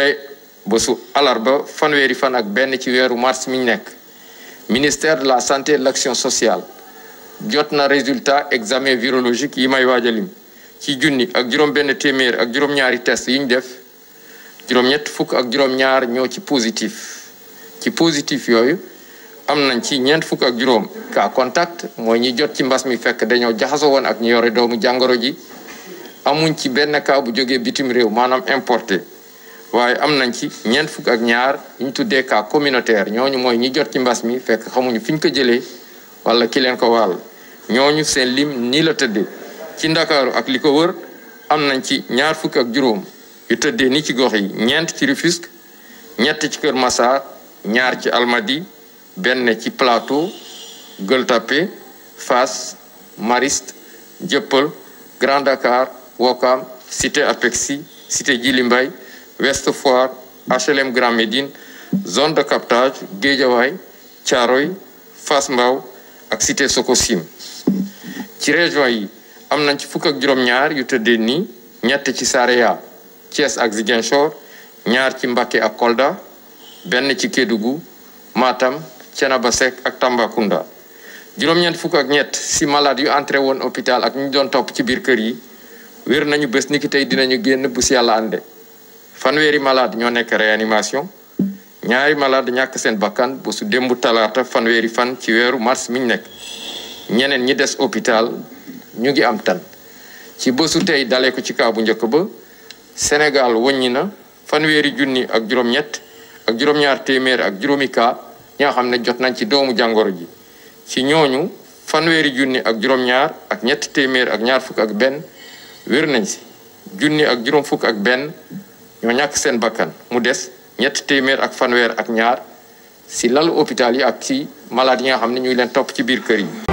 tey bésu alarba fanweeri fan ak benn ci weeru mars mi nekk ministère de la santé et l'action sociale jot na résultat examen virologique yi may waaj a ci junni ak juróom-benn téeméer ak juróom-ñaari test yi def juróom-ñett fukk ak juróom-ñaar ñoo ci positif ci positif yooyu am nañ ci ñeent fukk ak juróom cas contact mooy ñi jot ci mbas mi fekk dañoo jaxasoo woon ak ñu yore doomu jàngoro ji amuñ ci benn cas bu jógee bitim réew maanaam importé waaye am nañ ci ñeent fukk ak ñaar ñu tuddee ka communautaire ñooñu mooy ñi jot ci mbas mi fekk xamuñu fi ñu ko jëlee wala ki leen ko wàll ñooñu seen lim nii la tëddee ci ndakaaru ak li ko wër am nañ ci ñaar fukk ak juróom yu tëddee ni ci gox yi ñeent ci Rufisque ñett ci Kër Massar ñaar ci Almadi benn ci Plateau Gueule Tapée Fass Mariste Dieuppeul Grand Dakar Ouakam Cité Apexi Cité Djily Mbaye Ouest Foire HLM Grand Médine zone de captage Guédiawaye Thiaroye Fass Mbao ak Cité Sococim ci région yi am nañ ci fukk ak juróom-ñaar yu tëddee nii ñett ci Saraya Thiès ak Ziguinchor ñaar ci Mbacké ak Kolda benn ci Kédougou Matam Thiénaba Seck ak Tambacounda juróom-ñeent fukk ak ñett si malade yu entré woon hôpital ak ñu doon topp ci biir kër yi wér nañu bés niki tey dinañu génn bu si yàlla ànde fanweeri malade ñoo nekk réanimation ñaari malade ñàkk seen bakkan ba su démb talaata fanweeri fan ci weeru mars miñ nekk ñeneen ñi des hôpital ñu ngi am tan ci bésu tey dalee ko ci kaa bu njëkk ba Sénégal wëññi na fanweeri junni ak juróom-ñett ak juróom-ñaar téeméer ak juróomi kaa ñi xam ne jot nañ ci doomu jàngoro ji ci ñooñu fanweeri junni ak juróom-ñaar ak ñetti téeméer ak ñaar fukk ak benn wér nañ si junni ak juróom fukk ak benn ñoo ñàkk seen bakkan mu des ñetti téeméer ak fanwéer ak ñaar si lal hôpital yi ak ci malade yi xam ne ñuy leen topp ci biir kër yi